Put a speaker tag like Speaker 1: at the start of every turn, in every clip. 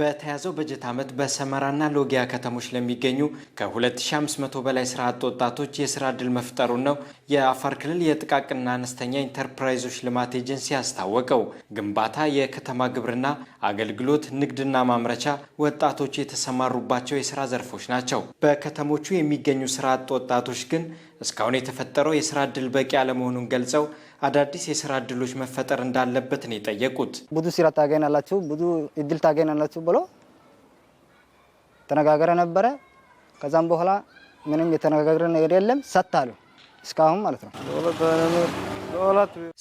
Speaker 1: በተያዘው በጀት ዓመት በሰመራና ሎጊያ ከተሞች ለሚገኙ ከ2500 በላይ ስራ አጥ ወጣቶች የስራ ዕድል መፍጠሩን ነው የአፋር ክልል የጥቃቅንና አነስተኛ ኢንተርፕራይዞች ልማት ኤጀንሲ ያስታወቀው። ግንባታ፣ የከተማ ግብርና አገልግሎት፣ ንግድና ማምረቻ ወጣቶች የተሰማሩባቸው የስራ ዘርፎች ናቸው። በከተሞቹ የሚገኙ ስራ አጥ ወጣቶች ግን እስካሁን የተፈጠረው የስራ ዕድል በቂ አለመሆኑን ገልጸው አዳዲስ የስራ ዕድሎች መፈጠር እንዳለበት ነው የጠየቁት።
Speaker 2: ብዙ ስራ ታገኛላችሁ፣ ብዙ እድል ታገኛላችሁ ብሎ ተነጋገረ ነበረ። ከዛም በኋላ ምንም የተነጋገረ ነገር የለም ሰጥታሉ እስካሁን ማለት ነው።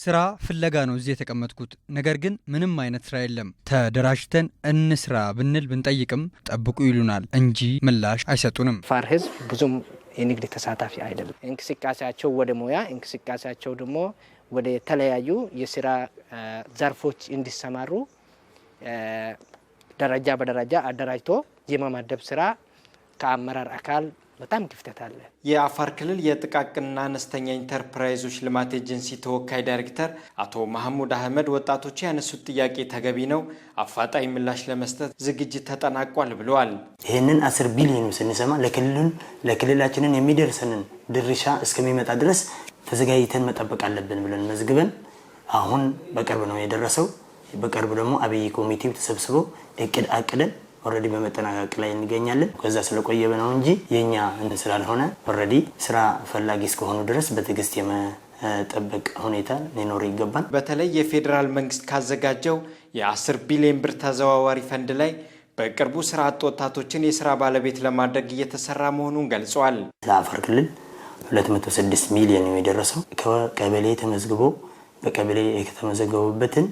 Speaker 1: ስራ ፍለጋ ነው እዚህ የተቀመጥኩት። ነገር ግን ምንም አይነት ስራ የለም። ተደራጅተን እንስራ ብንል ብንጠይቅም ጠብቁ ይሉናል እንጂ ምላሽ አይሰጡንም።
Speaker 3: ፋር ህዝብ ብዙም የንግድ ተሳታፊ አይደለም። እንቅስቃሴያቸው ወደ ሙያ እንቅስቃሴያቸው ደግሞ ወደ የተለያዩ የስራ ዘርፎች እንዲሰማሩ ደረጃ በደረጃ አደራጅቶ የመመደብ ስራ ከአመራር አካል በጣም ክፍተት አለ።
Speaker 1: የአፋር ክልል የጥቃቅንና አነስተኛ ኢንተርፕራይዞች ልማት ኤጀንሲ ተወካይ ዳይሬክተር አቶ ማህሙድ አህመድ ወጣቶቹ ያነሱት ጥያቄ ተገቢ ነው፣ አፋጣኝ ምላሽ ለመስጠት ዝግጅት ተጠናቋል ብለዋል።
Speaker 4: ይህንን አስር ቢሊዮን ስንሰማ ለክልሉን ለክልላችንን የሚደርሰንን ድርሻ እስከሚመጣ ድረስ ተዘጋጅተን መጠበቅ አለብን ብለን መዝግበን አሁን በቅርብ ነው የደረሰው። በቅርቡ ደግሞ አብይ ኮሚቴው ተሰብስቦ እቅድ አቅደን ኦልሬዲ በመጠናቀቅ ላይ እንገኛለን። ከዛ ስለቆየ ነው እንጂ የእኛ እንትን ስላልሆነ ኦልሬዲ ስራ ፈላጊ እስከሆኑ ድረስ በትዕግስት የመጠበቅ ሁኔታ ሊኖር ይገባል።
Speaker 1: በተለይ የፌዴራል መንግስት ካዘጋጀው የ10 ቢሊዮን ብር ተዘዋዋሪ ፈንድ ላይ በቅርቡ ስራ አጥ ወጣቶችን የስራ ባለቤት ለማድረግ እየተሰራ መሆኑን ገልጸዋል።
Speaker 4: ለአፋር ክልል 206 ሚሊዮን የደረሰው ከቀበሌ ተመዝግቦ በቀበሌ የተመዘገቡበትን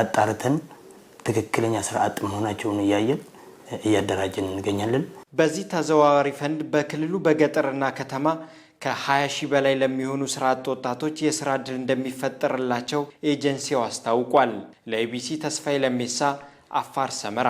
Speaker 4: አጣርተን ትክክለኛ ስርዓት መሆናቸውን እያየን እያደራጀን እንገኛለን።
Speaker 1: በዚህ ተዘዋዋሪ ፈንድ በክልሉ በገጠርና ከተማ ከ20 ሺህ በላይ ለሚሆኑ ስራ አጥ ወጣቶች የስራ እድል እንደሚፈጠርላቸው ኤጀንሲው አስታውቋል። ለኢቢሲ ተስፋዬ ለሜሳ አፋር ሰመራ